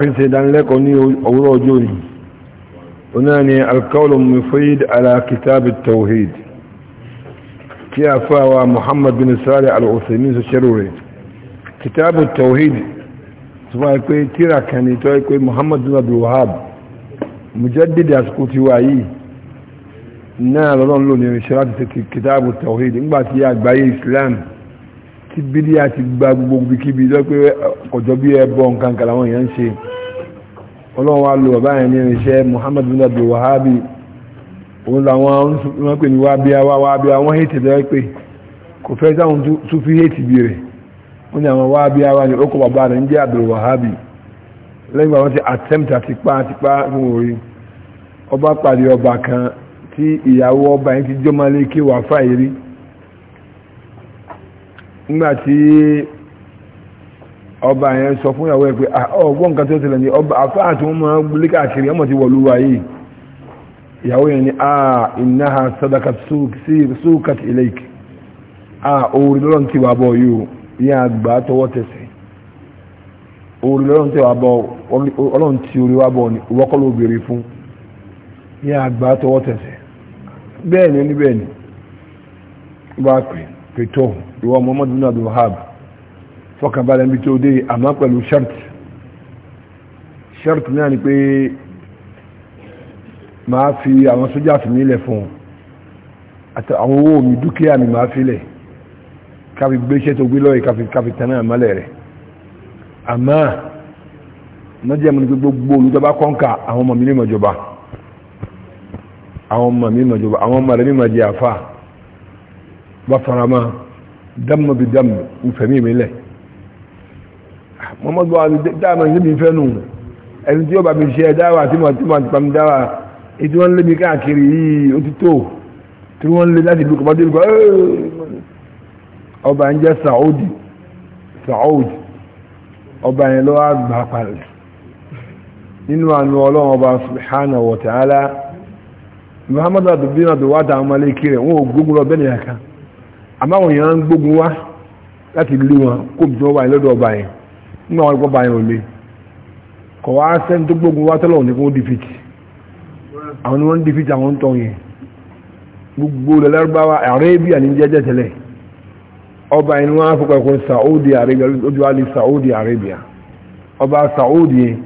pèsè ìdánilẹ́kọ̀ọ́ ní òwúrọ̀ ọjọ́ yìí onáà ni alkaulu mufid ala kitabi tawhid tí a fáwa muhammad bin sari al-usaimin su ṣẹ́rù rẹ̀ kitabu tawhid tó máa pé tíra kan ní tó pé muhammad bin abdul wahab mujaddid àsìkò ti wà yìí náà lọ́lọ́n lò ní ìṣẹ́lá ti ṣe kitabu tawhid nígbà tí àgbáyé islam ti bídí àti gba gbogbo kíbi tó pé bí ẹbọ nǹkan kan èèyàn ń ṣe ọlọ́wọ́ lò ọ̀bá yẹn ní irinṣẹ́ Muhammad bin Abdul Wahabi òun làwọn wọn pè ní wábíáwá wábíáwá wọn hẹ́tì lọ́wọ́ pé kò fẹ́ sáwọn tún fi hẹ́tì bí rẹ̀ wọ́n ni àwọn wábíáwá ní ọkọ̀ bàbá rẹ̀ ń jẹ́ Abdul Wahabi lẹ́yìn àwọn ti attempt àti pa ọba pàdé ọba kan tí ìyàwó ọba ti jọ́mọ́lé kí wàá ọba yẹn sọ fún ìyàwó ẹ pé ah, ọgbọ́n nǹkan tó ti lẹ̀ ọba tí wọ́n máa ń gbélé káàkiri ọmọ ti wọ̀lú wa yìí ìyàwó yẹn ni ah, sadaka súkàt ilẹ̀k ah orí lọ́rọ̀ tí wà bọ̀ yìí yẹn àgbà tọwọ́ lọ́rọ̀ wà bọ̀ ọlọ́run orí wà bọ̀ ni ni wọ́n á pè tó ìwọ fọkànbalẹ̀ níbi tó dé àmọ́ pẹ̀lú shirt shirt náà ni pé màá fi àwọn sójà sí nílẹ̀ fún àti àwọn owó mi dúkìá mi màá fi lẹ̀ káfi gbé iṣẹ́ tó gbé lọ́yẹ̀ káfi káfi tẹ̀ náà mọ́lẹ̀ rẹ̀ àmọ́ mọ́jẹ́ mi ni pé gbogbo olùjọba kọ́ńkà àwọn ọmọ mi ní ìmọ̀jọba àwọn ọmọ mi ìmọ̀jọba àwọn ọmọ rẹ̀ ní ìmọ̀jẹ̀ àfà bá farama dámọ̀ bí dámọ̀ ń fẹ̀mí muhammadu wa dáàmà níbi ìfẹ́nu ẹni tí ó bá mi ṣe dáwà tí wọ́n ti máa ti pa mi dáwà ètí wọ́n lé mi káàkiri yìí ó ti tó tí wọ́n lé láti ìlú kọmọdé ìlú ọba ń jẹ́ saudi saudi ọba yẹn lọ́wọ́ àgbà palẹ̀ nínú àánú ọlọ́run ọba subhanahu wa ta'ala muhammadu abdullahi abdullahi àwọn malékì rẹ̀ wọ́n ò lọ bẹ́ẹ̀ nìyà àmáwọn èèyàn ń gbógun wá láti lé wọn kó bí wọ́n wà lọ́dọ̀ ọba yẹn nígbà wọn gbọ́ba yẹn ò le kọ̀ wá sẹ́ni tó gbógun wá tọ́lọ̀ ní kó dìfìtì àwọn ni wọ́n ń dìfìtì àwọn ń tọ́ yẹn gbogbo lẹ́lẹ́rúbáwá Arabia ní jẹ́jẹ́ tẹ́lẹ̀ ọba yẹn wọ́n á fọ́kọ̀ ẹ̀kọ́ Saudi Arabia lójú àlè Saudi Arabia ọba Saudi yẹn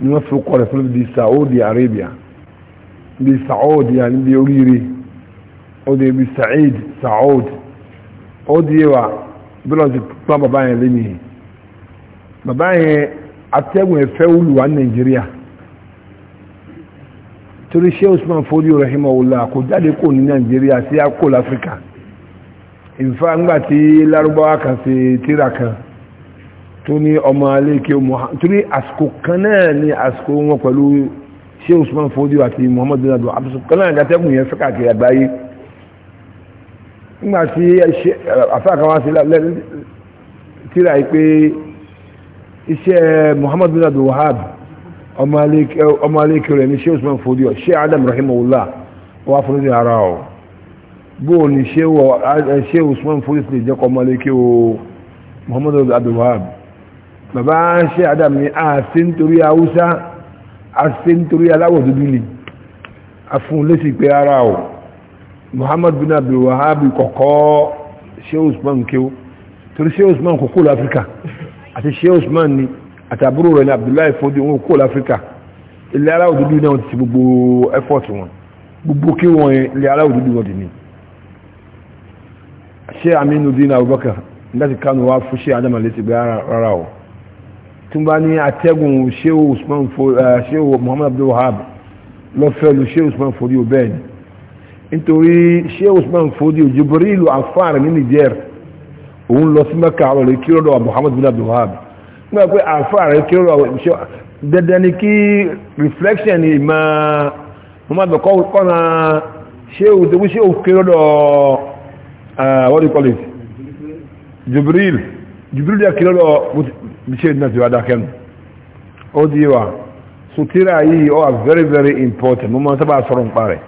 ni wọ́n fọ́kọ̀ rẹ̀ fún ibi Saudi Arabia ibi Saudi yẹn níbi oríire ó di ibi Said Saud ó di yẹ wa bí wọ́n ti pọ́n bàbá yẹn lé bàbá yẹn atẹ́gùn ẹ̀fẹ́ olùwà nàìjíríà torí ṣé Usman Fodio rahimahullah kò jáde kò ní nàìjíríà sí akó láfíríkà ìfà ńgbà tí lárúbáwá kan ṣe tíra kan tó ní ọmọ aléèké torí àsìkò kan náà ni àsìkò wọn pẹ̀lú ṣé Usman Fodio àti Muhammad bin Abdul àbùsùn kan náà gàtẹ́gùn yẹn fẹ́ káàkiri àgbáyé ńgbà tí àfáà sí tíra yìí pé iṣẹ́ muhammad bin abdul wahab ọmọ alekere ní ṣe usman fodio sheikh adam rahimahullah wà fún ní ara ọ̀ bóò ní ṣe usman fodio sí ìjẹ́kọ̀ ọmọ alekere muhammad bin abdul wahab bàbá sheikh adam ni a ṣe nítorí haúsá a ṣe nítorí aláwọ̀ dúdú ni a fún lẹ́sì pé ara ọ̀ muhammad bin abdul wahab kọ̀kọ́ sheikh usman kéw torí sheikh usman kòkó lọ afirka àti sheikh usman ni àtàbúrò rẹ̀ ní abdullahi fodi wọn kó láfíríkà ilẹ̀ aláwọ̀ dúdú náà ti gbogbo effort wọn gbogbo kí wọn yẹn ilẹ̀ aláwọ̀ dúdú wọn dì ní sheikh aminuddin abubakar láti kánú wá fún sheikh adama létí gbé rárá o tún bá ní atẹ́gùn sheikh usman eh, sheikh muhammad abdul wahab lọ́fẹ́lu sheikh usman fodi ò bẹ́ẹ̀ ni nítorí sheikh usman fodi ò jibril àfáàrẹ̀ ní niger òun lọ sí mẹ́ka àwọn èrè kírọ́dọ̀ Muhammad bin Abdul Wahab nígbà pé àfáà rẹ̀ kírọ́dọ̀ àwọn ìṣẹ́ dandan ni kí reflection ni ma mo máa bẹ̀kọ́ kọ́nà ṣé o tó ṣé o kírọ́dọ̀ what do you call it Jibril Jibril yà kírọ́dọ̀ ṣe náà ti wá dákẹ́ nù ó di wa sotira yìí ó are very very important mo máa sábà sọ̀rọ̀ nípa rẹ̀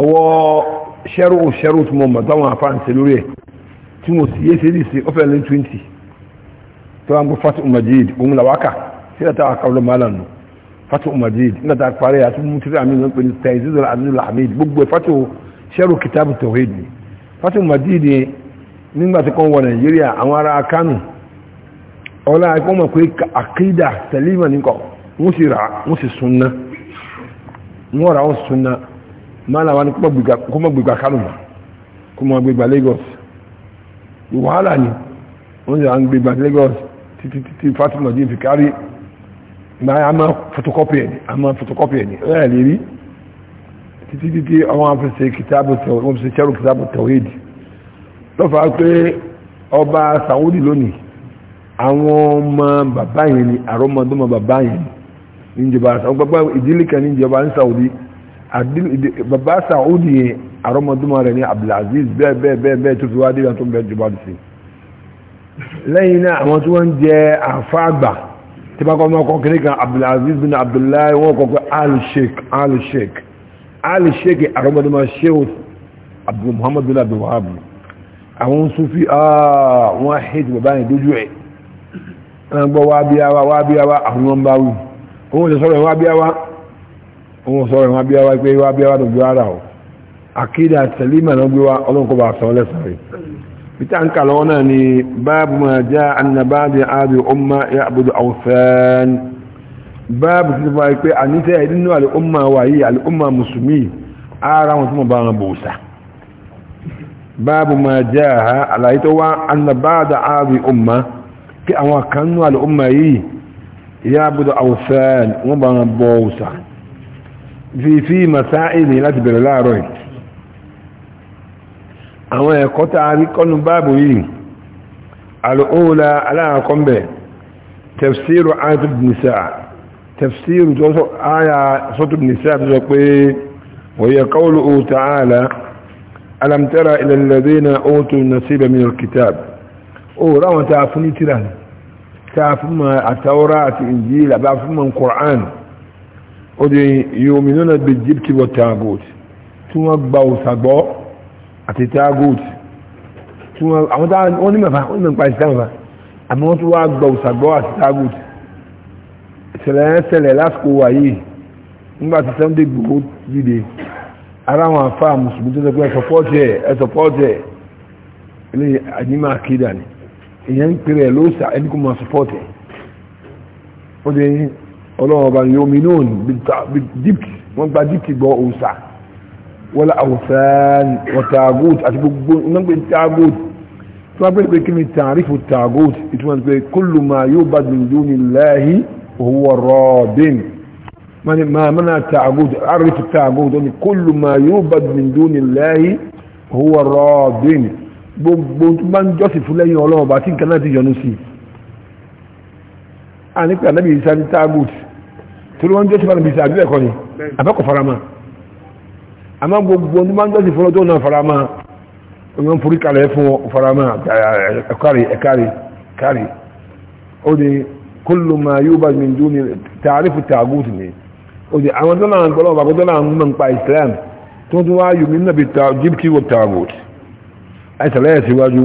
ọwọ́ sheru ṣẹ́rù sheru mo mọ̀ táwọn afáǹsẹ̀ lórí ẹ̀ tí mo sì yé sẹ́lì sí 20 to twenty tó fatu ń gbọ́ fati umajid òun si sí ẹ̀ta àkàrọ̀ mọ́lá nù fatu umajid nígbà tá a parí àti mú tírí àmì ló ń gbogbo ẹ̀ fati ṣẹ́rù kìtàbù tawhid ni fati umajid nígbà tí kan wọ nàìjíríà àwọn ará sunna sunna mọ́là wa ni kó mọ́ gbégbá kuma Lagos wahala ni wọ́n yà ń Lagos títí Fatima jí fi kárí máa yà máa fotokopi ni a ma photocopy ni ó yà lè rí títí títí àwọn afẹsẹ̀ kìtàbù tẹ̀wé wọ́n ọba Saudi àwọn ọmọ bàbá yẹn ni bàbá yẹn ni ìjọba ìdílé kan ní ìjọba ní Saudi bàbá sàúdì yẹn àrọ́mọdúnmọ́ rẹ̀ ní abdulaziz bẹ́ẹ̀ bẹ́ẹ̀ bẹ́ẹ̀ bẹ́ẹ̀ tó fi wá dìgbà tó ń bẹ jùbọ́ sí lẹ́yìn náà àwọn tí wọ́n ń jẹ àfáàgbà tí bá kọ́ mọ́ kọ́ kiri kan abdulaziz bin abdullahi wọ́n kọ́ pé al-sheikh al-sheikh al-sheikh àrọ́mọdúnmọ́ sheikh abdul muhammadu bin abdul wahab àwọn sufi ah, wọ́n hate bàbá yẹn dójú ẹ̀ wọ́n gbọ́ wábíyáwá wábíyáwá àwọn ọmọ báwí wọ́n lè sọ̀rọ̀ wábíyáwá òun sọ̀rọ̀ wọn bí wá pé wá bí wá tó gbé ara o akéde àtẹlímà náà gbé wá ọlọ́nkọ́ bá sọ lẹ́sọ̀rọ̀ peter ń kàlọ́ náà ni báàbù máa já anabáàbì àbí ọmọ yàbùdó àwùsàn báàbù ti wá pé àníṣẹ́ nínú àlùmọ́ wà yìí àlùmọ́ mùsùlùmí ara wọn tó mọ̀ bá wọn bòòsà báàbù máa já àlàyé tó wá anabáàbì àbí ọmọ kí àwọn kan àlùmọ́ yìí yàbùdó àwùsàn wọn bá wọn bòòsà fi fi masáìlì láti bẹ̀rẹ̀ láàárọ̀ yìí àwọn ẹ̀kọ́ ta rí kọ́nù báàbù yìí al'ola aláàkọ́mbẹ̀ tafsiru ayatollah nisa tafsiru tó sọ aya sọ́tọ̀ nisa tó sọ pé wòye kọ́lù ta'ala alamtara ilẹ̀lẹ́dẹ́ na otu nasiba min kitab o ráwọn ta fún ní tíra ta fún ma àtàwọ́rá àti injila ba fún ma kur'an ó di yominuna bi jibti wa tagut tí wọ́n gba òsàgbọ́ àti tagut tí wọ́n àwọn tá wọ́n ní mẹ́fà wọ́n ní mẹ́fà ìsìlámù fa àmọ́ wọ́n tún wá gba òsàgbọ́ àti tagut ìṣẹ̀lẹ̀ ẹ̀ ṣẹlẹ̀ lásìkò wà yìí nígbà tí sunday gbogbo dìde ara wọn afá mùsùlùmí tó sọ pé ẹsọ pọ́ọ̀tì ẹ̀ ẹsọ akéda ni ìyẹn ń pèrè ẹ̀ ló sà ẹni kò máa sọ pọ́ọ̀tì ẹ̀ ọlọ́ọ̀bá yominon dípkì wọ́n gba dípkì gbọ́ òòsà wọ́n la àwòsàn ọ̀tàgóòt àti gbogbo nígbè tàgóòt tí wọ́n pẹ́ pé kí ni tàrífù tàgóòt ìtumọ̀ pé kúlù máa yóò bá dundun ní láàyè òwò rọ́ọ̀bìn máa mẹ́nà tàgóòt àrífù tàgóòt ni kúlù máa yóò bá dundun ní láàyè òwò rọ́ọ̀bìn gbogbo tó bá ń jọ́sìn fún lẹ́yìn ọlọ́ọ̀bá tí nǹkan náà ti yọnu sí i. a nípa nàbí ìsáni tàgóòt torí wọ́n jọ́sí fara bìí àbílẹ̀ kọ́ ni àbẹ́kọ̀ farama àmá gbogbo ní máa ń jọ́sí fọ́lọ́ tó náà farama wọ́n forí kalẹ̀ fún farama ẹ̀kárì ẹ̀kárì kárì ó di kúlù máa yóò bá mi dúró ní tààrífù tààgùtù ni ó di àwọn tó náà gbọ́dọ̀ bàbá tó náà ń mọ̀ nípa Islam tó tún wá yù mí náà wọ tààgùtù àìsàlẹ̀ síwájú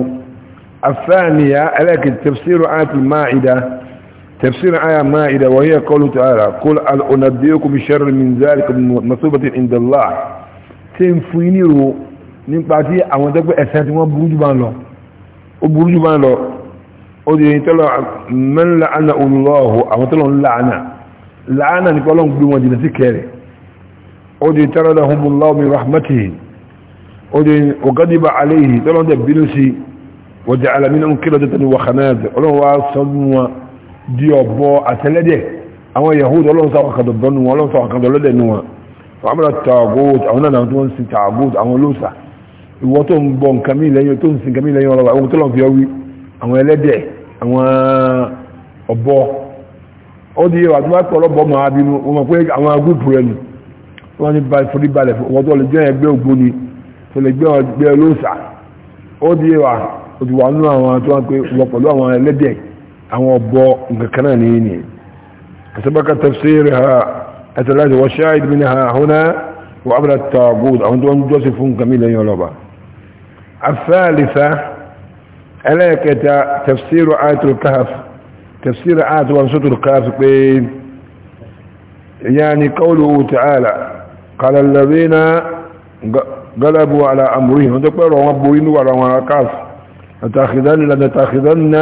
afẹ́àníyà ẹlẹ́kì tafsiru àti máa ìdá تفسير آية مائدة وهي قوله تعالى قل أنبئكم بشر من ذلك من مصيبة عند الله تنفينيرو نقاتي àwọn tẹ́gbẹ́ ẹ̀sẹ̀ tí wọ́n burú jù bá ń lọ ó burú jù bá ń lọ ó di ẹ̀yìn tọ́lọ mẹ́rin láàánà olùlọ́ọ̀hù àwọn tọ́lọ ń láàánà láàánà ní pọ́lọ́n gbé wọn jìnà sí kẹrẹ ó di tọ́lọ da hun lọ́wọ́ mi rahmatihi ó di ọgọ́dìbà aléhì tọ́lọ tẹ̀ bínú sí wọ́n jẹ́ alamínà ń kílọ̀ tẹ́tẹ́ ni wàhánáàdì ọlọ́wọ́ sọ́dún wọn di ọ̀bọ àtẹlẹ́dẹ̀ àwọn yahood ọlọ́run sáwọn kan dọ̀bọ̀ nù wọn ọlọ́run sáwọn kan dọ̀lọ́dẹ̀ nù wọn fàmílà tààgóòt àwọn náà tó ń sin tààgóòt àwọn olóòsà ìwọ tó ń bọ nǹkan mí lẹ́yìn tó ń sin nǹkan mí lẹ́yìn ọlọ́wà ohun tó lọ́n fi ọwí àwọn lè jẹ́ ẹgbẹ́ ògbóni tó lè gbẹ́ ọgbẹ́ olóòsà ó di ẹwà òtù àwọn tó pé wọ pẹ̀lú àwọn ẹlẹ́dẹ̀ أو أبو كنانين سبق تفسيرها أتلاته والشاهد منها هنا وعبر التابوت أو أنتم جوسفون كميلا يولوبا الثالثة عليك تفسير آية الكهف تفسير آية ونصوت الكهف يعني قوله تعالى قال الذين قلبوا على أمرهم وانتقلوا ربهم وعلى مراكاف نتاخذن لنتاخذن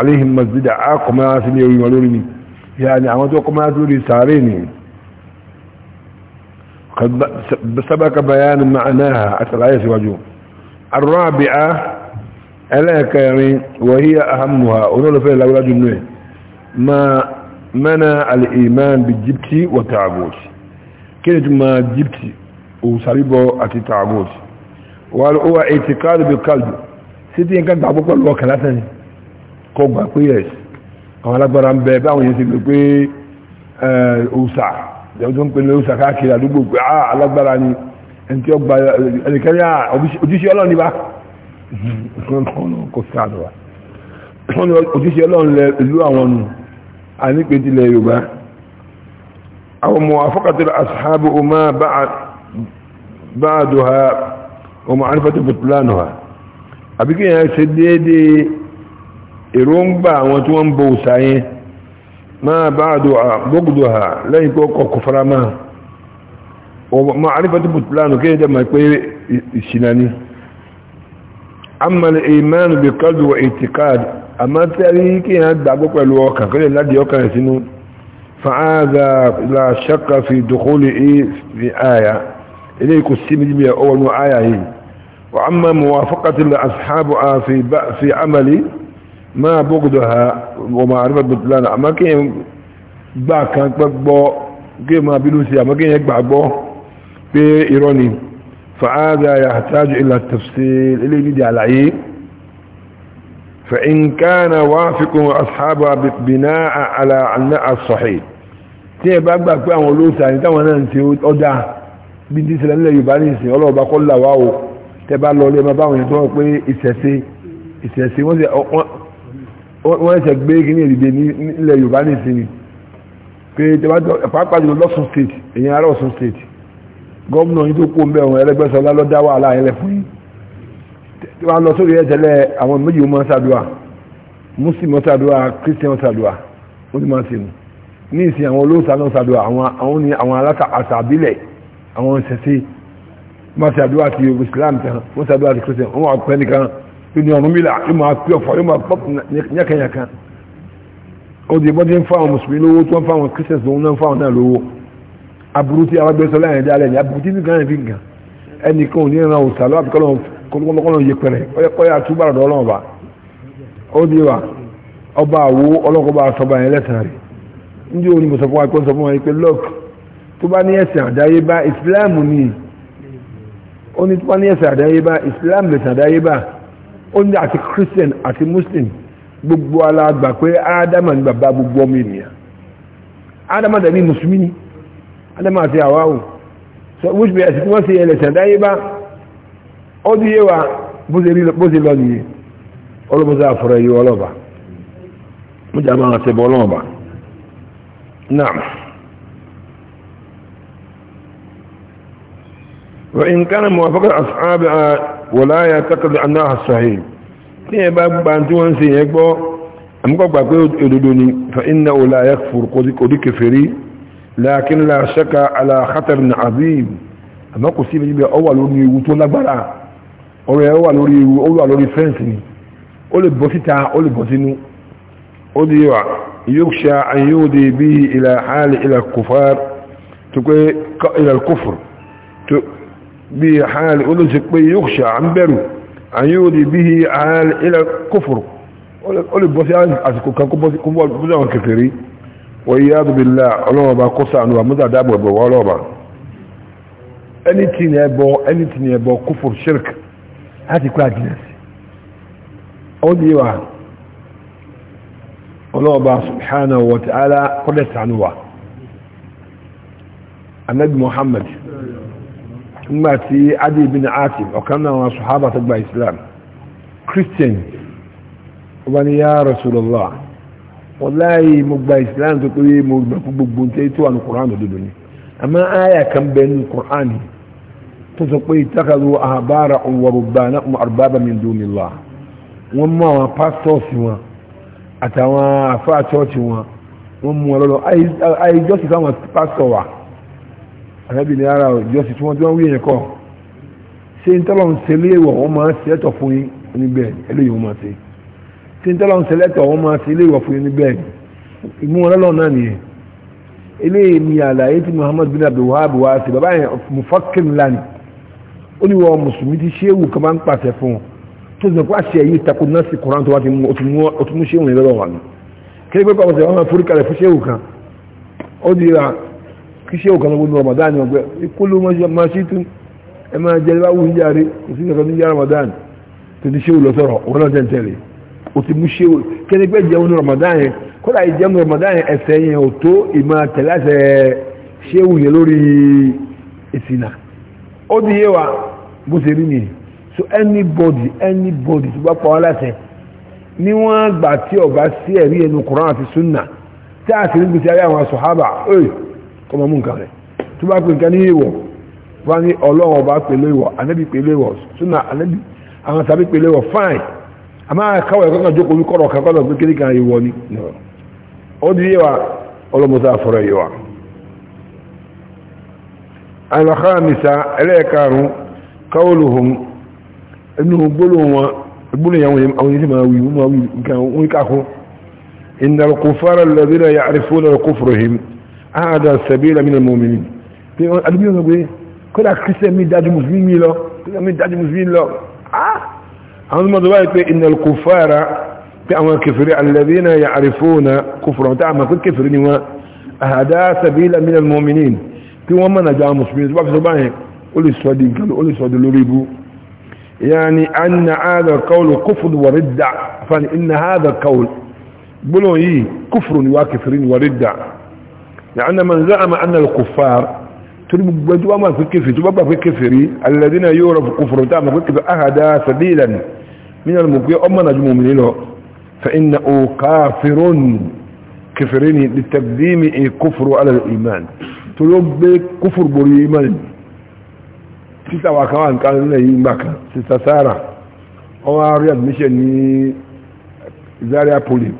aléhìn masjida a kọmọ́ra sí ní orí wọn lórí ni ya ni àwọn tó kọmọ́ra sí lórí sàárè ni sábàkà bayanin ma'anáha a tàlàyé síwájú arọ́bìá ẹlẹ́ẹ̀kẹrin wàhíyà ahamuha olólùfẹ́ lágbájú nù ẹ̀ ma mẹ́nà al'iman bí jibti wa ta'abot kí ni tún ma jibti òsàríbọ àti ta'abot wà lọ́wọ́ ètìkáàlù bí kálù sí ti yẹn kan tàbí pẹ̀lú kọ gbà pé yes àwọn alágbára ń bẹ báwọn yẹn ti lò pé òòsà ìjọba tó ń pè ní òòsà káàkiri àdúgbò pé ah alágbára ni ẹni tí ó gba ẹnikẹ́ni à ojúṣe ọlọ́run ni bá kò sáàdù wa wọ́n ni ojúṣe ọlọ́run lẹ ìlú àwọn nù ànípe tilẹ̀ yorùbá àwọn ọmọ afọ́kàtẹ̀lẹ̀ asáàbù ọmọ báàdù ọmọ anífàtẹ̀ àbíkẹ́ yẹn ṣe déédéé èròǹgbà àwọn tí wọ́n ń bọ òsà máa bá gbogbo ha lẹ́yìn pé ọkọ̀ fara máa ma àrífàtí bùtùlánù kí ẹjẹ́ máa pé ìṣìnà ni amal iman bi qalbi wa i'tiqad àmá tẹ́rí kí yàn gbàgbọ́ pẹ̀lú ọkàn kọ́lẹ̀ láti ọkàn sinu la shakka fi fi aya aya wa ما بغضها ومعرفة بطلانها ما كان gbà kan pẹ́gbọ́ gé ma bínú sí àmọ́ gé yẹn gbàgbọ́ pé irọ́ ni fa'áza ya àtàjù ilẹ̀ tafsir ilé ìdí àlàyé fa'in kánà wá fíkún asáàbà bìnà àlà àná àsọ̀hì tí ẹ bá gbà pé àwọn olóòsà ní táwọn náà ti ọdá bí i sílẹ̀ nílẹ̀ yorùbá ní ìsìn ọlọ́ọ̀bá kọ́ wọ́n pé wọ́n ẹ̀sẹ̀ gbé kí ní èdìdè nílẹ̀ Yorùbá ní ìsinmi pé pàápàá jùlọ lọ́sùn state èyàn ará Ọ̀ṣun state gómìnà yìí tó kó mbẹ́ ọ̀hún Ẹlẹ́gbẹ́sọlá lọ́dá wàhálà ayẹlẹ fún yìí tí wọ́n lọ sórí ẹ̀tẹ́lẹ̀ àwọn méjì wọn ṣàdúrà Muslim ṣàdúrà Christian ṣàdúrà ó ti máa sinmi ní ìsìn àwọn olóòṣà náà ṣàdúrà àwọn ní àwọn aláta àṣàbílẹ̀ àwọn ìṣẹ̀ṣe máa ṣàdúrà ti Islam tán wọ́n ṣàdúrà ti Christian wọ́n wà pẹ́ nìkan ìní ọ̀run mílà yóò máa pí ọ̀fọ̀ yóò máa pọ̀ yákanyàkan ó di bọ́dé ń fáwọn mùsùlùmí lówó tó ń fáwọn christians lòun náà ń fáwọn náà lówó aburú tí alágbèsọ láyìn dálẹ̀ ní aburú tí ní gánà fi gàn ẹnì kan ò ní ìran òsà lọ́wọ́ àbíkọ́ lọ́wọ́ yẹ pẹ̀rẹ̀ ọyà túbàrà dọ́ ọlọ́wọ́ bá ó di wa ọba àwo ọlọ́kọ̀ọ́ba àsọba yẹn lẹ́sàn rẹ̀ ndí òní mo sọ fún wa pé sọ fún wa pé lọ́ọ̀kì tó bá ní ẹ̀sìn àdáyébá ìsìláàmù ni ó ní tó bá ní ẹ̀sìn àdáyébá ìsìláàmù lẹ̀sìn àdáyébá ó ní àti christian àti muslim gbogbo alágbà pé adama ní bàbá gbogbo ọmọ ènìyàn adama dàbí musulmi ni adama àti àwáwò so which way ẹ̀sìn tí wọ́n ṣe ẹlẹ́sìn àdáyé bá ó di yéwa bó ṣe lọ nìyẹn ọlọ́mọsá àfọ̀rọ̀ yìí ọlọ́ba mo jà máa ṣe bọ́ ọlọ́ba náà وإن كان موافقة أصحابها ولا يعتقد أنها صحيح، تيه باب بانتوان سيكبو أمكو باكو يدودوني فإنه لا يكفر قد كفري لكن لا شك على خطر عظيم أما قسيب يبقى أول وني وطول برا أول أول وني أول وني فنسني أول بسيطة أول بسينو أول يخشى أن يودي به إلى حال إلى الكفار تقول إلى الكفر تقول bí hal olóṣe pé yóòṣà ń bẹ̀rù àyíòdì bí hal ilẹ̀ kófòrò ó lè bọ́ sí àsìkò kan kó bọ́ àwọn kèfèrí wọ́n yá dùbìlá ọlọ́ọ̀bá kó sànú àmúdà dábọ̀ ẹ̀bọ̀ wọ́n ọlọ́ọ̀bá anything ẹbọ anything ẹbọ kófòrò shirk láti kó àjìnà sí ó ní wa ọlọ́ọ̀bá subhanahu wa ta'ala kọ́dẹ̀ sànú wa anabi muhammad nígbà tí adi bin asim ọ̀kan náà wọn sọ̀hábà tó gba islam christian ọba ni ya rasulallah wọláyé mo gba islam tó pé mo gbà fún gbogbo nǹkan tó wà ní quran òdodo ni àmọ́ àyà kan bẹ ní quran tó sọ pé ìtàkàlù àbára òwòrùbá náà mo arbaba min dunillah wọ́n mú àwọn pastors wọn àtàwọn àfáà church wọn wọ́n mú wọn lọ́lọ́ àìjọ́sí fáwọn pastor wa àrẹ́bì ní ara ìjọsìn tí wọ́n tí wọ́n wí yẹn kọ́ ṣé ń tọ́lọ́ ń ṣe léèwọ̀ wọ́n máa ń ṣe ẹ̀tọ́ fún yín níbẹ̀ eléyìí wọ́n máa ṣe ṣé ń tọ́lọ́ ń ṣe lẹ́tọ̀ wọ́n máa ṣe léèwọ̀ fún yín níbẹ̀ ìmú wọn lọ́lọ́ náà nìyẹn eléyìí ni àlàyé tí Muhammad bin Abdul Wahab wá sí bàbá yẹn mufakin lani ó ní wọn mùsùlùmí ti ṣéwù kan máa ń pàṣẹ fún tó sì kó àṣẹ yìí takò náà sí koran tó wá ti mú ṣéwù yẹn lọ́wọ́ wa ni kí kíṣẹ́ òkan lọ́gbọ́n ní Ramadan ọgbẹ́ ìkóló máa ṣe tún ẹ máa jẹ bá wù yáre kò sí nǹkan tó yá Ramadan tó ti ṣe òlọ́sọ̀rọ̀ òun náà tẹ̀lé o ti mú ṣe kẹ́nẹ́gbẹ́ jẹun ní Ramadan yẹn kódà ìjẹun ní Ramadan yẹn ẹ̀sẹ̀ yẹn ò tó ìmọ̀ tẹ̀láṣẹ̀ ṣéwù yẹn lórí ìsìnà ó di yé wa bó ṣe rí nìyí so anybody anybody tó bá pa wọn láṣẹ ni wọ́n gbà tí ọ̀gá sí ẹ̀rí ẹnu Kùránì àti Sunnah tí a sì ń gbèsè ayé àwọn sàhábà kọ́ mọ́ mú nǹkan rẹ̀ tó bá pè nǹkan ní ìwọ̀ wá ní ọlọ́run ọba pèlú ìwọ̀ ànábì pèlú ìwọ̀ súnà ànábì àwọn tàbí pèlú ìwọ̀ fáìn àmọ́ káwọ̀ ẹ̀kọ́ kan jókòó kọ́rọ̀ kan kọ́rọ̀ pé kékeré kan ìwọ̀ ni ó di yé wa ọlọ́mọta àfọ̀rọ̀ yé wa. alhamisa ẹlẹ́ẹ̀karùn-ún káwọ́lùhùn inú gbólóhùn wọn gbólóhùn yẹn هذا السبيل من المؤمنين قالوا يقول ايه كل اكسم من داج مسلمين لا من داج مسلمين لا آه. ها عندما دعيت ان الكفار كانوا كفر الذين يعرفون كفر وتع ما كل كفر هذا سبيل من المؤمنين تي وما نجا مسلمين باب زباين قولي سودي قالوا قولي سودي لوريبو يعني ان هذا القول كفر وردع فان ان هذا القول بلوي إيه؟ كفر وكفر وردع لأن من زعم أن الكفار تبقى ما في كفر تبقى في كفري الذين يورف كفر تعمل في كفر أهدا سبيلا من المكوية أما نجمو من له فإنه كافر كفرين لتقديم كفر على الإيمان تلوب كفر بالإيمان títà wà kan wà ní kan nílẹ̀ yìí gbà kan sista Sarah ọwọ́ àárí admission ní Zaria poli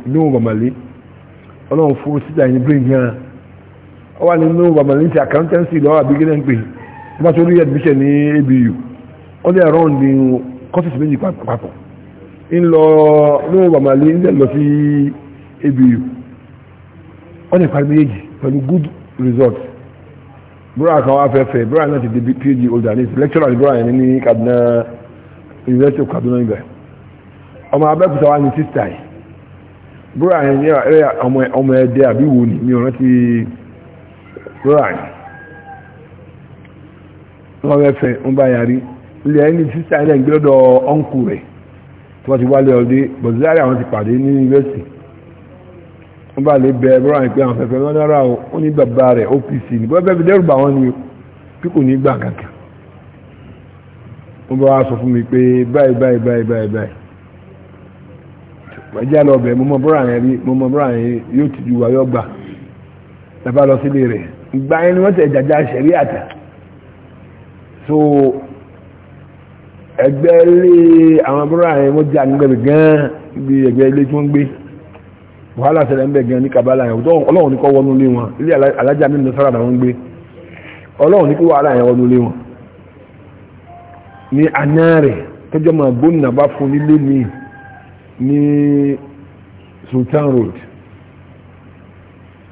ní ó wà nínú bàmàlìntì accountancy lọ́wọ́ àbígẹ́lẹ́ ń pè wọ́n bá tó rí admission ní abu ó lè rán ní courses méjì papọ̀ ń lọ nínú bàmàlìntì lọ sí abu ó lè parí méjèèjì pẹ̀lú good result búra kan wá fẹ́fẹ́ búra náà ti di phd holder ní lecturer ní búra yẹn ní Kaduna University of Kaduna ibẹ̀ ọmọ abẹ́kùsà wa ní sísá yìí búra yẹn ní ọmọ ẹ̀dẹ́ àbí wo ni mi ò rántí lọ́rọ̀ àyìn wọ́n fẹ́ fẹ́ ń bá yarí ilé ẹni sísá ilẹ̀ ń gbọ́dọ̀ ọ́nkù rẹ̀ tí wọ́n ti wálé ọdẹ bọ̀dúdárì àwọn ti pàdé ní yunifásitì wọ́n bá lè bẹ ẹ̀rọ àyìn pé àwọn fẹ́fẹ́ wọn dára o ó ní bàbá rẹ̀ OPC ní bọ́ bẹ́ẹ̀ fi dẹ́rù bà wọ́n ni o bí kò ní gbà kankan wọ́n bá wá sọ fún mi pé báyìí báyìí báyìí báyìí báyìí wàjá lọ bẹ̀ mo mọ bọ́ra yẹn rí mo mọ bọ́ra yẹn yóò ti ju wa gbà lábá lọ sílé rẹ̀ ìgbà ẹni wọ́n tẹ̀ jàjà ṣẹ̀rí àtà so ẹgbẹ́ ilé àwọn abúrò àyẹ̀ wọ́n jẹ́ àgbẹ̀bẹ̀ gan ibi ẹgbẹ́ ilé tí wọ́n gbé wàhálà ṣẹlẹ̀ ń bẹ̀ gan ní kabala yẹn ọlọ́run ní kọ́ wọnú ilé wọn ilé alájà mímu sára náà wọ́n gbé ọlọ́run ní kí wàhálà yẹn wọnú ilé wọn ní aná rẹ̀ tọ́jọ́ máa gbóhùn náà bá fún nílé ní Sultan Road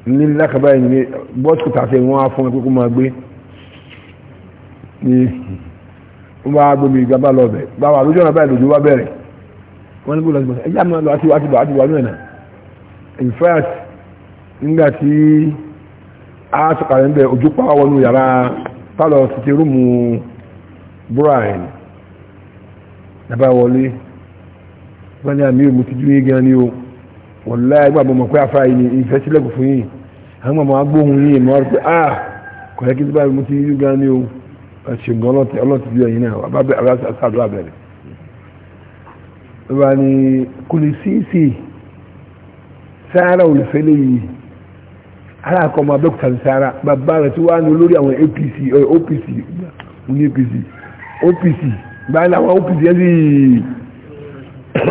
ní lákàbá yìí ní bọ́ọ̀tù tàṣẹ wọn á fún ẹ kókó máa gbé ní wọ́n bá gbé mi gbábá lọ bẹ̀ báwa lójú ọ̀nà báyìí lójú wá bẹ̀rẹ̀ wọ́n ní bó lọ sí bọ́ọ̀tù ẹ̀yà máa lọ àti wà àti wà àti wà lónìí in fact nígbà tí a sọ̀kalẹ̀ ń bẹ̀ ojú pa wọnú yàrá pálọ̀ títí rúùmù brian nàbà wọlé wọ́n ní àmì ìmùtíjú yìí gan ni o wọlá ẹgbà bọ̀ mọ̀ pé afá yìí ni ìfẹ́ sílẹ̀ kò fún yìí àwọn ọmọ agbóhun yìí mọ̀ ọ́ pé a ah, kò yẹ kí tí báyìí mo ti rí gan ni o ṣùgbọ́n ọlọ́tì ọlọ́tì bí ẹ̀yin náà abábẹ́ aláṣàdúrà bẹ̀rẹ̀ ìwà ni kùlìsíìsì sáárà olùfẹ́lẹ̀ yìí aláàkọ́ ọmọ abẹ́kúta ní sáárà bàbá rẹ̀ tí wàá ní olórí àwọn APC OPC ní APC OPC báyìí àwọn OPC yẹn sì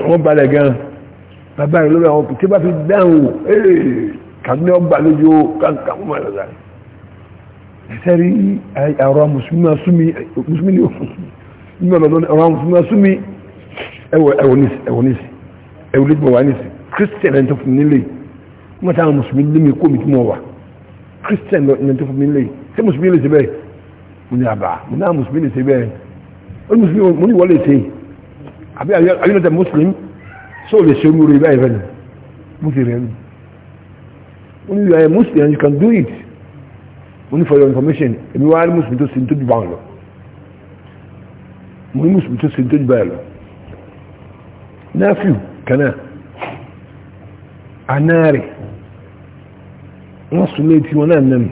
wọ́n balẹ̀ gan-an bàbá rẹ̀ lórí àwọn òkè tí bá fi dáhùn ee kàbíní ọgbà lójú kankan mọ́ ẹ̀rọ dáa ẹ̀sẹ̀ rí ọ̀rọ̀ mùsùlùmí ní òfin ní ọ̀rọ̀ mùsùlùmí súnmí ẹ̀wọ̀ nísì ẹ̀wọ̀ nísì ẹ̀wọ̀ nísì wà nísì christian ẹ̀ntọ́ fún nílé wọ́n táwọn mùsùlùmí lémi kó mi tí mo wà christian ẹ̀ntọ́ fún nílé ṣé mùsùlùmí lè ṣe bẹ́ẹ̀ mo ní àbá mo náà mùsùlùmí lè ṣe bẹ́ẹ̀ ó ní mùsùlùmí mo ní wọ́n lè ṣe àbí àyínlọ́tẹ̀ mùsùlùmí So o lè ṣe orúurú ibà ìfẹ́ nù mo sì you are a muslim you can do it Only for your information èmi wá ní muslim to sin to ju bá wọn mo ní muslim to sin to ju bá Nafiu, lọ náfíù kaná anáàrì wọ́n sùn létí wọn náà nàmì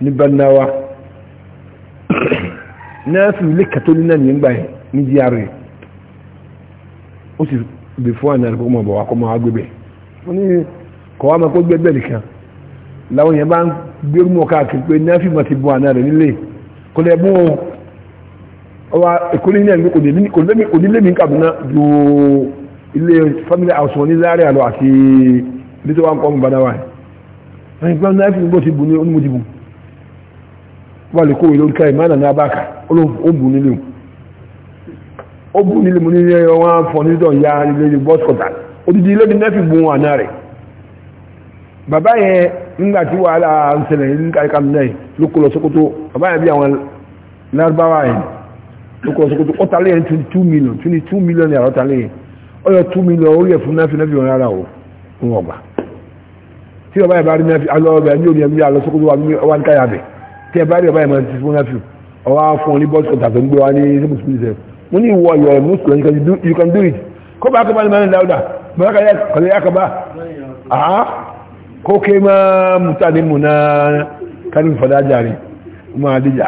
ní bannawa náfíù lè kàtó ní nàmì ń gbà yẹn ní jíárì ó sì before ẹ̀nà ẹ̀rọ mọ̀ bọ̀ wá kọ́ mọ́ wá gbébẹ̀ wọ́n ní kọ́ wá máa kó gbẹ́gbẹ́ nìkan láwọn yẹn bá ń gbé mọ́ káàkiri pé náfì mọ́ ti bọ́ àná rẹ̀ nílé kò lẹ́ mú ọwọ́ èkó ní ilé kò ní lémi kàbínà ju ilé family house wọn ní láàrin àlọ́ àti ilé tó wà ń kọ́ mọ́ bàdá wa yìí wọ́n ní ni náfì mọ́ ti bù ní onímọ̀ ti bù wọ́n lè kó ìlú ká ìmọ̀ àná ní abáka ó bù nílé wọn ó bú nílé mo nílé wọn fọ nílò ya ilé bọ́s kọta odidi ilé ní nẹ́fì gun àná rẹ̀ bàbá yẹn nígbà tí wàhálà ń ṣẹlẹ̀ ní káríkà mi náà ló kó lọ Sókótó bàbá yẹn bí àwọn lárúbáwá yẹn ló kó lọ Sókótó ó talé yẹn twenty two million twenty two million yàrá ó talé yẹn ó yọ two million ó yẹ fún nẹ́fì nẹ́fì wọn rárá o ń wọ̀ gbà tí ọba ìbá rí nẹ́fì alọ́ ọbẹ̀ ní òní ẹ̀mí alọ́ Sókótó wà ní káyà bẹ̀ tí ẹ bá rí ọba ìmọ̀ ti fún nẹ́fì ọwọ́ fún ọ ní bọ́ọ̀sì kọ̀tà tó ń gbé wa ní sẹ́kùsùn mo ní ìwọ yọ ẹ̀mú sùn you can do it kó bá kọ́bá ní mẹ́rin dáúdà bọ́lákàlẹ́ kọ̀lẹ́ yákọ̀bá àá kó ké máa múta ní múná kárí fọ́dájà rí máa díjà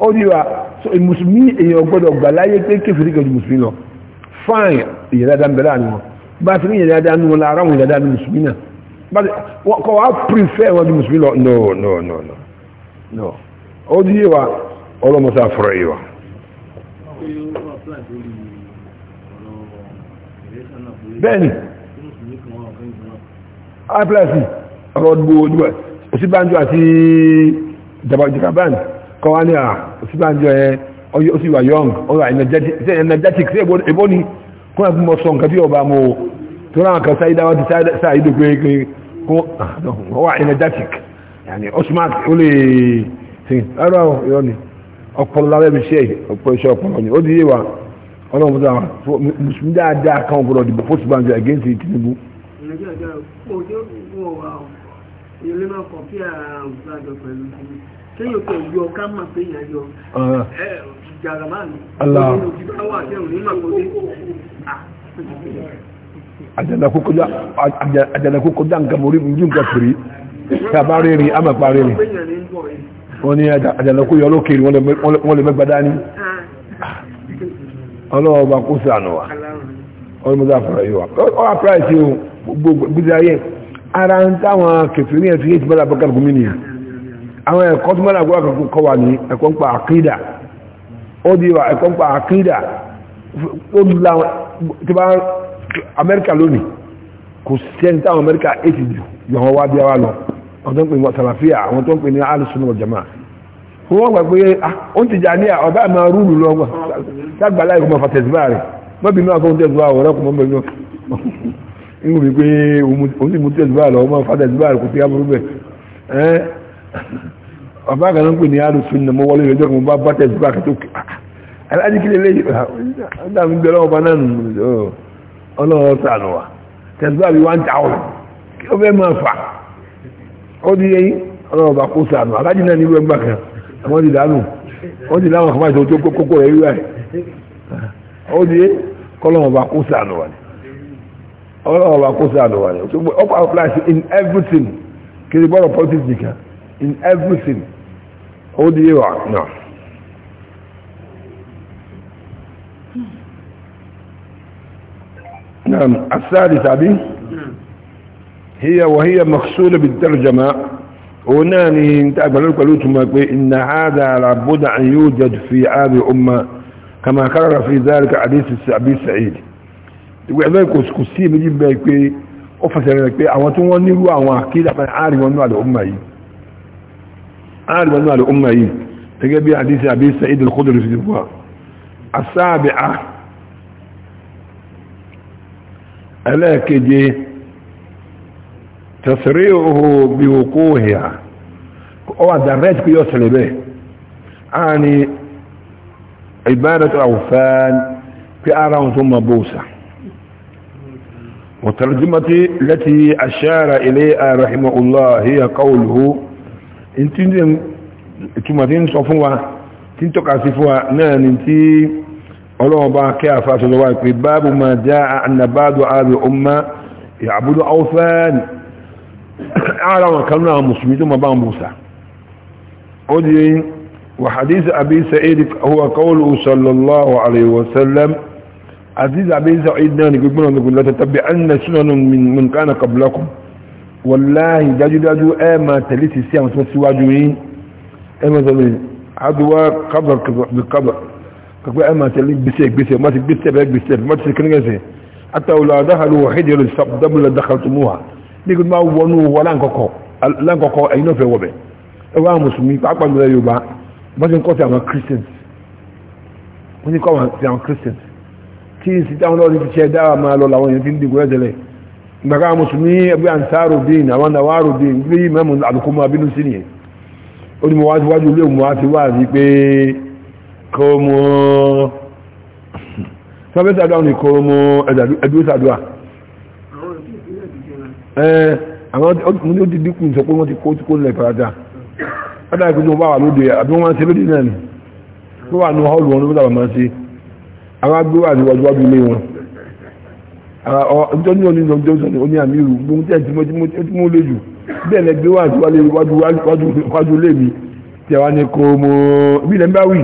ó ní wa so musulmi èyàn gbọ́dọ̀ gbà láyé pé kéfìrí kẹjù musulmi lọ fine èyàn dáadáa ń bẹ̀rẹ̀ àníwọ̀n bá ti ní èyàn dáadáa ní wọn lára wọn dáadáa ní musulmi náà kọ̀ prefer wọn ju musulmi lọ no no no no ó ní wa ọlọ́mọsá fọ́rọ̀ yìí pé I wà plan lórí ọ̀rọ̀ ìrẹsàn náà pé bẹ́ẹ̀ni iplc ọ̀rọ̀ gbogbo ojú ẹ̀ àti jàbàjìkàbán kọ́ wá ẹ ó sì wà young ó wà energetic sí èbó ni kó náà mọ́ sọ nǹkan tí ọba mo tó náà kan sáyé ti sáyé pé kó wà energetic ọpọlọ lábẹ́ mi ṣe ọpọ iṣẹ́ ọpọlọ ni ó di yé wa ọlọ́run fún wa mùsùlùmí dáadáa kan gbọdọ̀ dìbò fóṣù banjo against Tinubu. Ah. Ah. àjànàkú kọjá nǹkan mọ̀ orí nǹkan pèrè tí a bá rí rí a máa parí rí wọ́n ní àjàlọ́kú yọ lókèrè wọ́n lè mẹ́gbàdá ní ah. ọlọ́ọ̀bà kó sànù wà ọlọ́mọdé àfàrà yíwa ọwà price yíò gbogbo ayé ara ń táwọn kẹfìrí ẹ̀ tí yé ti mọ́lá bọ́kàrù gómìnà àwọn ẹ̀kọ́ tó mọ́lá bọ́kàrù kọ́ wà ní ẹ̀kọ́ ń pa àkídà ó di wà ẹ̀kọ́ ń pa àkídà ó la ti bá amẹ́ríkà lónìí kò sẹ́ni táwọn amẹ́ríkà 80 yọ̀ wọ́n wá bí wá lọ àwọn tó ń pè ní sàlàfíà àwọn tó ń pè ní alùsùn wal jamaa wọ́n gbà pé ó ti jà ní ọ̀bá àmà rúùlù lọ́gbà lágbà láì kọmọ fàtẹ̀síbà rẹ̀ mọ́bí náà fún tẹ̀síbà ọ̀rẹ́ kọmọ mọ́bí náà inú rí pé òun sì mú tẹ̀síbà lọ ọmọ fàtẹ̀síbà rẹ̀ kò sí aburú bẹ̀ ẹ́ ọ̀bá kan ń pè ní alùsùn nà mọ́ wọlé ìrẹ́jọ́ kan bá bá tẹ̀síbà kẹtó aláàjì kí ah, lélẹ́ ọ̀dàmú ah, gbẹ lọ́wọ́ bá náà oh, ọlọ́run sànù wa tẹ̀síbà bí wá ń ó di ọlọ́run bá kó sànù náà nílùú ẹgbà kan ti dànù wọ́n ti tó kókó rẹ̀ wíwá ó bá kó sànù wà ní ọlọ́run bá kó sànù wà ní in everything kiri politics nìkan in everything ó wà هي وهي مخصولة بالترجمة هناني انت اقبلوا قلوتما ان هذا لابد ان يوجد في هذه الامه كما كرر في ذلك حديث ابي سعيد وعندما كسكسي بيجي بيك ó fẹsẹ̀rẹ̀ rẹ̀ pé àwọn tí wọ́n nírú àwọn àkídà pẹ̀lú àríwọnú àlùmọ̀ yìí àríwọnú àlùmọ̀ yìí gẹ́gẹ́ bí àdísí àbí sa'id al-khudri fi wà asáàbì a ẹlẹ́ẹ̀keje تصريعه بوقوعها هو درج كي به يعني عبادة الأوثان في أرام ثم بوسة والترجمة التي أشار إليها رحمه الله هي قوله انتم تمثين صفوة تنتقى صفوة نان انتي ولو باكي أفاس الواقع باب ما جاء أن بعض هذه الأمة يعبد أوثان ara wọn kan náà musulmi tó ma bá musa ó di yẹn wa hadith abi sa'id huwa qawlu sallallahu alayhi wa sallam hadith abi sa'id náà ni gbogbo náà gbogbo láti tàbí an na sunan min kana qablakum wallahi dájúdájú ẹ ma tẹ̀lé ti sí àwọn tó síwájú yín ẹ ma sọ aduwa kabar kabar kakwai ẹ ma tẹ̀lé gbèsè gbèsè ma ti gbèsè bẹ gbèsè ma ti kírìngẹsẹ àtàwọn àdáhàlú wàhídìí rẹ dábùlà dákàtúmùwà ní kí n máa wọnú wọ láǹkọ̀kọ̀ ẹ̀yin náà fẹ́ wọ̀bẹ̀ ẹwà mùsùlùmí pàápàá lórí yorùbá wọ́n ti ń kọ́ sí àwọn christians wọ́n ti kọ́ sí àwọn christians kí n sì táwọn náà ti ṣe dára máa lọ làwọn èèyàn ti ń dìgbò ẹ̀jẹ̀lẹ̀ gbàgbà mùsùlùmí ẹgbẹ́ ansaru dín àwọn nawaru dín ilé mẹ́mu àlùkò máa bínú sí nìyẹn ó ní mo wá síwájú ilé òun wá ti wá sí pé kó mo ni kó mo sàdúrà ẹ àwọn ọdún tó ti dínkù sọ pé wọ́n ti kó tí kó lẹ̀ parata ọdún àìkú tó bá wà lóde àbí wọ́n ṣe lóde náà ni tó wà ní hall wọn ló dábàá máa ṣe àwọn agbéwà ní wájú wájú ilé wọn ọjọ́ ní ọdún ìjọba jọ́sọ̀ ní oní àmì ìrù gbóhùn tí ẹ̀ tí mo lè jù bẹ́ẹ̀ lẹ gbé wájú wájú ilé mi tí a wá ní kó mo bí ilẹ̀ ń bá wì.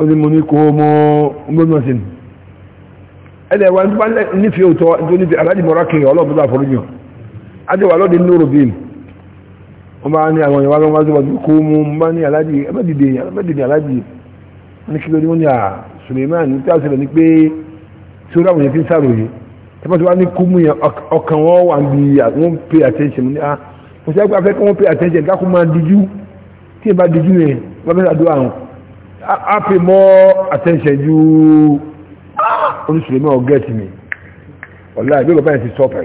ó ní mo ní kó mo ń gbóná sí ni ẹlẹ wa nípa nífẹ̀ẹ́ òtọ́ tó nífẹ̀ẹ́ aláàjì mọ́ra kiri ọlọ́ọ̀bùdó àforíjọ adéwà lọ́dẹ ní orobin wọ́n bá ní àwọn ìwádọ́ wájú wájú kó mú bá ní aláàjì ẹmẹ́dìdè ẹmẹ́dìdè aláàjì ní kí ló ní wọ́n ní à Suleiman ní tí a sọ̀rọ̀ ní pé tí ó ráwọ̀ yẹn fi ń sàròyé ẹgbẹ́ tó wá ní kú mú yẹn ọkàn wọn wà bí wọ́n pay attention ní a mo ṣe gbà fẹ́ kí wọ́n pay attention ká kó máa dijú tí ì bá dijú yẹn wọ́n fẹ́ sàdúrà wọn á pay more attention ju oníṣèlú náà gẹ́ẹ̀tì mi ọ̀la ìbí bàbá yẹn ti tọ́pẹ̀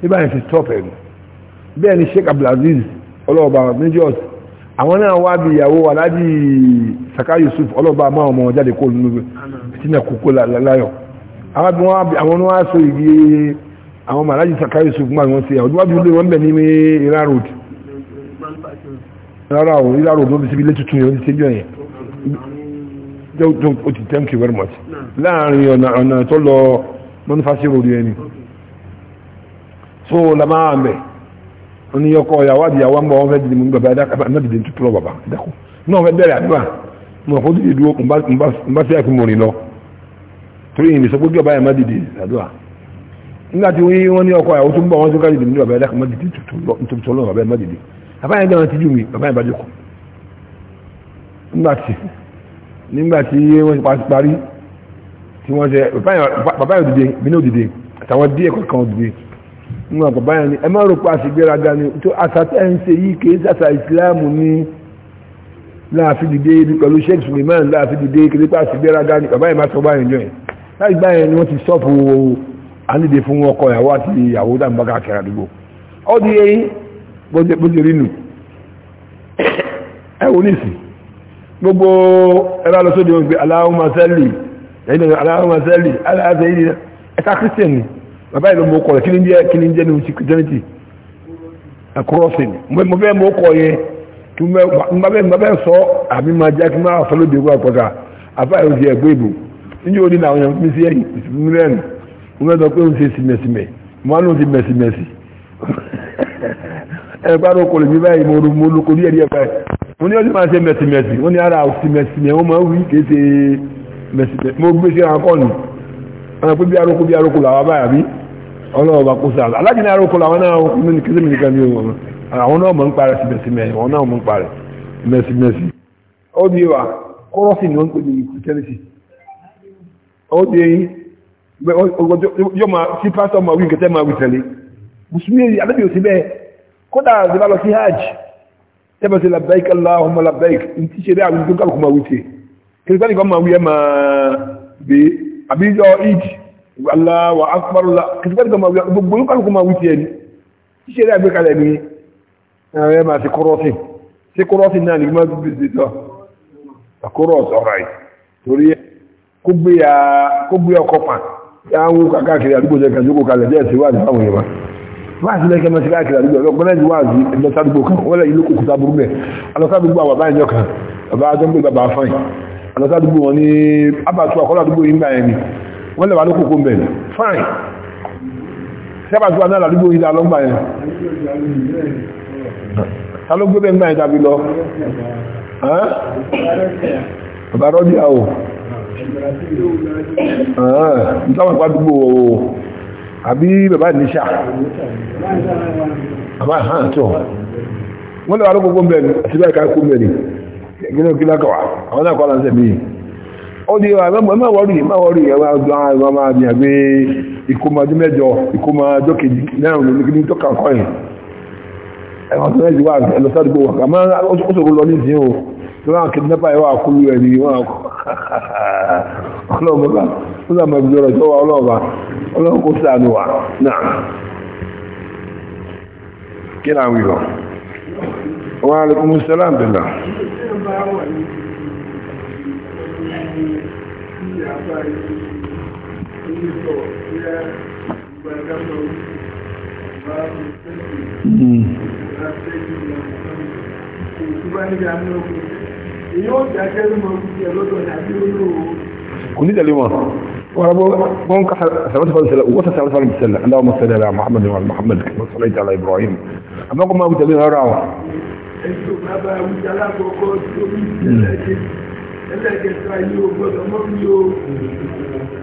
bí bàbá yẹn ti tọ́pẹ̀ bẹ́ẹ̀ ni Sheikh Abdulaziz ọlọ́ọ̀bà majors àwọn náà wá bí ìyàwó aláàjì Saka Yusuf ọlọ́ọ̀bà máa ọmọ jáde kó nínú tìǹà kókó láyọ̀ àwọn ni wọ́n á so igi àwọn ọmọ aláàjì Saka Yusuf máa wọ́n ṣe àwọn ìwádìí olóyè wọ́n bẹ̀ ní Iran road rárá o Iran road ló fi síbi ilé tuntun yẹn ó ti ṣe bí ọ̀yẹn ó ti thank you very much láàrin ọ̀nà ọ̀nà tó lọ mọ́nífàṣẹ́ rò rí ẹni so la máa mẹ́ ní ọkọ̀ ìyàwó àdìyàwó àmọ́ wọn fẹ́ dìde mú bàbá ẹ̀dàkàbà náà dìde tó lọ bàbá ẹ̀dàkù náà fẹ́ bẹ̀rẹ̀ àdúrà mọ̀ fún dìde dúró mbá sí àfihàn rìn lọ torí ìrìn sọ pé kí ọba ẹ̀ má dìde àdúrà nígbà tí wọ́n ní ọkọ̀ ìyàwó tó ń bọ̀ wọ́n tó ká dìde mú bàbá ẹ̀dàkàbà dìde tó lọ bàbá ẹ̀ má dìde àbáyé náà ti jù mí bàbá ẹ̀ bá jókòó nígbà tí nígbàtí wọ́n ti parí tí wọ́n ṣe bàbá yóò dìde bí náà dìde àtàwọn díẹ̀ kọ̀ọ̀kan dìde nígbà bàbá yẹn ni ẹ má rò pa àṣegbéraga ni tó àṣàtẹ́ ń ṣe yìí kì í ṣàṣà ìsìláàmù ní láàfin dìde ibi pẹ̀lú sheikh suleiman láàfin dìde kì í pa àṣegbéraga ni bàbá yẹn má sọ báyìí jọ yẹn láì gbà yẹn ni wọ́n ti sọ́ọ̀fù àníde fún ọkọ ìyàwó àti ìyàwó dàmbá káàkiri àdúgbò ó di eyín bó ṣe rí nù ẹ wò nísìnyí gbogbo ẹbá lọ sóde wọn pé Allahumma salli ẹ̀yìn Allahumma salli aláàfẹ́ yìí ẹ̀ka christian ni bàbá rẹ̀ kíní jẹ́ kíní jẹ́ ní christianity crossing mo yẹn kí mo bẹ́ sọ àmì máa jẹ́ kí máa fọ́lọ́ dé ìbò sí ẹ̀yìn wọ́n ní ọdún máa ṣe mẹ̀tìmẹ̀tì wọ́n ní ara òsì mẹ̀tìmẹ̀ wọ́n máa wí kéde mẹ̀tìmẹ̀ mo gbé sí akọ́ ni wọ́n pé bí arókò bí arókò làwọn báyà bí ọlọ́wọ́ bá kó sáà alájì ní arókò làwọn náà wọ́n ní kéde mi nìkan ní òun àwọn náà mọ̀ ń parẹ́ sí mẹ̀tìmẹ̀ àwọn náà mọ̀ ń parẹ́ mẹ̀tìmẹ̀tì ó di wa kọ́rọ́sì ni wọ́n ń pè ní kìtẹ́lẹ́sì ó di yóò máa sí pásítọ̀ máa wí nǹkan tẹ́ máa wí tẹ̀lé mùsùlùmí alábìyòsí bẹ́ẹ̀ kódà àti bá lọ sí hajj tẹ́bẹ̀ sí labbaik Allahumma labbaik ní ti ṣe dé àwọn ìdúnkà kò máa wí tiẹ̀ kìrìsìtánì kan máa wí ẹ máa gbé àbíjọ id Allahu akbar kìrìsìtánì kan máa wí gbogbo ìdúnkà kò máa wí tiẹ̀ ni ti ṣe dé àgbékalẹ̀ ni ẹ máa ṣe kúrọ́sìn ṣe kúrọ́sìn náà ni kí máa bí ṣe sọ àkúrọ́sì ọ̀rọ̀ yìí torí kó gbé ọkọ̀ pa yà ń wú kàkàkiri àdúgbò jẹ́ kàdúgbò kalẹ̀ díẹ̀ síwájú àwọn èèyàn wáàsí lẹ́kẹ́ mẹ́sí káàkiri àdúgbò ọlọ́gbọ́n láti wáàsí ẹ̀lọ́sádùgbò kan wọ́n lẹ́yìn lókùnkù sábúrú bẹ̀ alọ́sádùgbò àwọn báyìí kan bàbá ajọ́gbé bàbá fáìn alọ́sádùgbò wọn ní abàtú àkọ́lá àdúgbò yìí ń gbà yẹn ni wọ́n lẹ́wà lókùnkù bẹ̀ fáìn sábàtú àná àdúgbò yìí lọ gbà yẹn alọ́gbé bẹ̀ ń gbà yẹn tàbí lọ bàbá rọ́bì àwò àbí bàbá níṣà àmà hàn wọ́n lè wà ló gbogbo mẹ́rin àti bẹ́ẹ̀ mẹ́rin gínú kí lákọ̀wà àwọn náà kọ́lá ń sẹ̀mí ó di wà mẹ́mọ́ wọ́rì mẹ́mọ́ wọ́rì ẹwà gbọ́n máa ní àgbé ìkómọdé mẹ́jọ fúnlá máa fi lọ́rọ̀ ìjọba ọlọ́ọ̀bá ọlọ́run kó sàánú wa náà kí náà wí lọ wọn alẹ́kùnmù sẹ́lám Kò ní tẹ̀lé wọn. وربو قومك سمعت فضل وصل سمعت فضل بسلة اللهم صل على محمد وعلى محمد كما صليت على إبراهيم أما قم أبو تبين هرعوا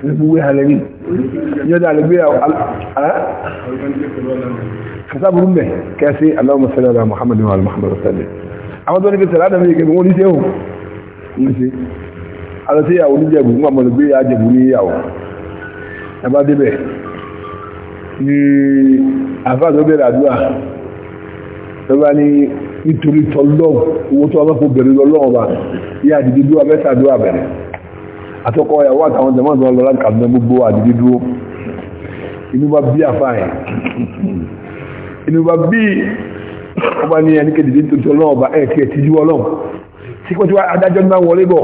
نبويها لني يدع لبيع حساب رمه كاسي اللهم صل على محمد وعلى محمد وسلم أما دوني قلت الآن أمريكا بقول إيش يوم alọ́tíyàwó ní jẹ̀bù nígbà mọ̀lẹ̀ gbé ya jẹ̀bù níyàwó ẹbá débẹ̀ ní àfáàtọ̀ bẹ̀rẹ̀ àdúrà lọ́bá ní nítorí tọ́lọ́wọ́ owó tó wọ́n kó bẹ̀rẹ̀ lọ́lọ́wọ́ bá yá àdìdí dúwà mẹ́ta dúwà bẹ̀rẹ̀ àtọ́kọ ìyàwó àtàwọn jẹ̀mọ́ ìbọn lọ́lá kàdúnà gbogbo àdìdí dúró inú bá bí àfáàyàn inú bá bí ọba ní ẹnikẹ́dìdí tó tọ́lọ́wọ́ bá ẹ̀kẹ́ tíjú ọlọ́wọ́ síkọ́ tí wá adájọ́ náà wọlé bọ̀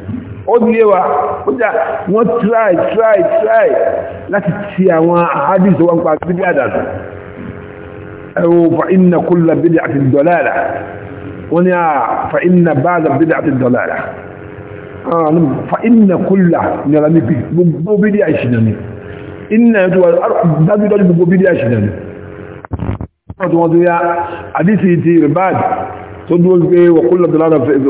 ó nílé wa ó jà wọ́n try try try láti ti àwọn àádìí tó wọ́n pa bídí àdàtù ẹwọ fa'ina kúlà bídí àti dọ̀lára wọ́n ni a fa'ina báadà bídí àti dọ̀lára fa'ina kúlà nìyàrá ní gbogbo bídí àìṣìnà ni iná tó wà dájúdájú ah, ah, gbogbo bídí àìṣìnà ni wọ́n tó wọ́n tó yá àdìsí تدوز ايه وكل ضلالة في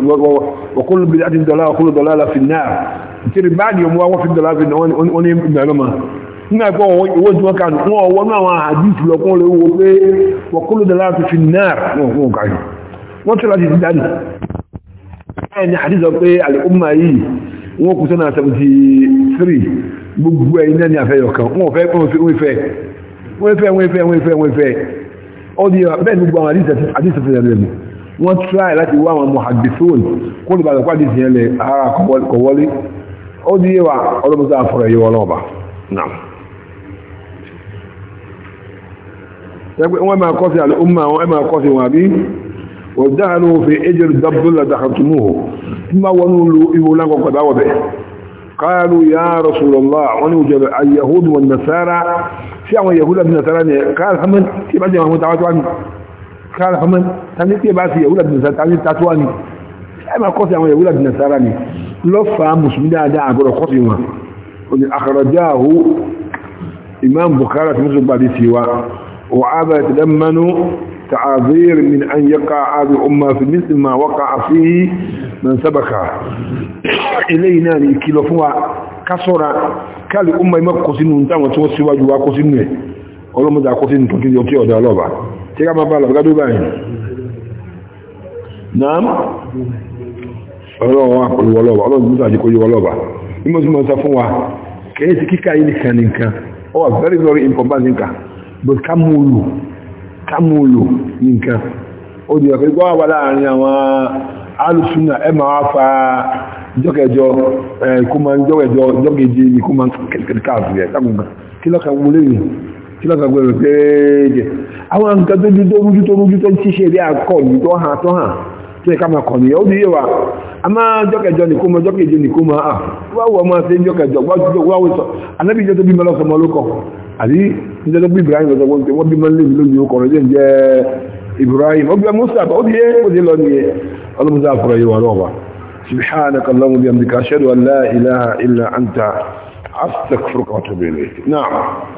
وكل بدعة ضلالة وكل ضلالة في النار تري بعد يوم هو في الضلالة في النار وني معلومة هنا هو وجه كان هو وما حديث لو قول هو وكل ضلالة في النار هو قاعد وطلع دي دان يعني حديث ايه الامه هي wọn kù sọ́nà 73 gbogbo ẹ̀yìn náà ni àfẹ́yọ̀ kan wọ́n fẹ́ wọ́n fẹ́ wọ́n fẹ́ wọ́n fẹ́ wọ́n fẹ́ wọ́n fẹ́ ọdí bẹ́ẹ̀ gbogbo àwọn àdíṣẹ́ àdíṣẹ́ fẹ́ rẹ̀ mú wọ́n try láti wá àwọn mohadithon kó lè bàtà pàdé ìsìn ẹlẹ̀ ara kọ̀wọ́lé ó di yíwa ọlọ́mọsá àfọ̀rọ̀ yíwa ọlọ́ọ̀bà náà wọ́n قالوا يا رسول الله اليهود والنصارى kára ọmọ tani tí ẹ bá ti yẹ̀wúlà dìnnà sára tani tatuwa ni ẹ máa kọ́sí àwọn yẹ̀wúlà dìnnà sára ni lọ́fà mùsùlùmí dáadáa àgọ́dọ̀ kọ́sí wọn òní àkàrọ̀já àhó imam bukara tí mùsùlùmí gbàdí sí wa wà á bẹ̀rẹ̀ tẹ̀lé mẹ́nu تعاذير من أن يقع هذه الأمة في مثل ما وقع فيه من سبقها إلينا لكلفوا كسرا كالأمة ما قسنوا انتم وتوسوا جوا قسنوا ولم يقع قسنوا تنكي يوتي ودى الله tí ká máa bá lọ́gbá tó báyìí náà ọlọ́wọ́ pẹ̀lú ọlọ́wà ọlọ́wọ́ mú sàjíkó yíwọ́ ọlọ́wà ní mọ́ sí mọ́ sọ fún wa kẹ́yẹ́ ti kíkà yìí nìkan nìkan ó wà very very important nìkan but kámúlù kámúlù nìkan ó di ọ̀pẹ́ gbọ́ wà láàrin àwọn alùsùnà ẹ máa fa jọ́kẹjọ kó máa jọ́kẹjọ jọ́kẹjì ní kó máa kẹ́kẹ́ kílọ̀kà gbẹ̀rẹ̀ pẹ́ẹ́jẹ̀ àwọn nǹkan tó dúdó rújú tó rújú tó ń ṣíṣe rí àkọlù tó hàn tó hàn tó ẹ̀ká máa kọ̀ nìyà ó di yíwa a máa jọ́kẹjọ nìkó máa jọ́kẹjọ nìkó máa à wá wọ́n máa ṣe jọ́kẹjọ wáwọ́ sọ anábì ìjọ tó bí mẹ́lọ́sọ mọ́ ló kọ̀ àbí ìjọ tó bí Ibrahim lọ́sọ wọ́n ti wọ́n bí mẹ́lẹ́ mi lónìí ó kọ̀ rẹ̀ jẹ́ Ibrahim ó bí wọ́n Musa ó di yé ó di lọ nìyẹn ọlọ́mọdé àfọ̀rọ̀ yìí wà lọ́wọ́ سبحانك اللهم وبحمدك اشهد ان لا اله الا انت استغفرك واتوب اليك نعم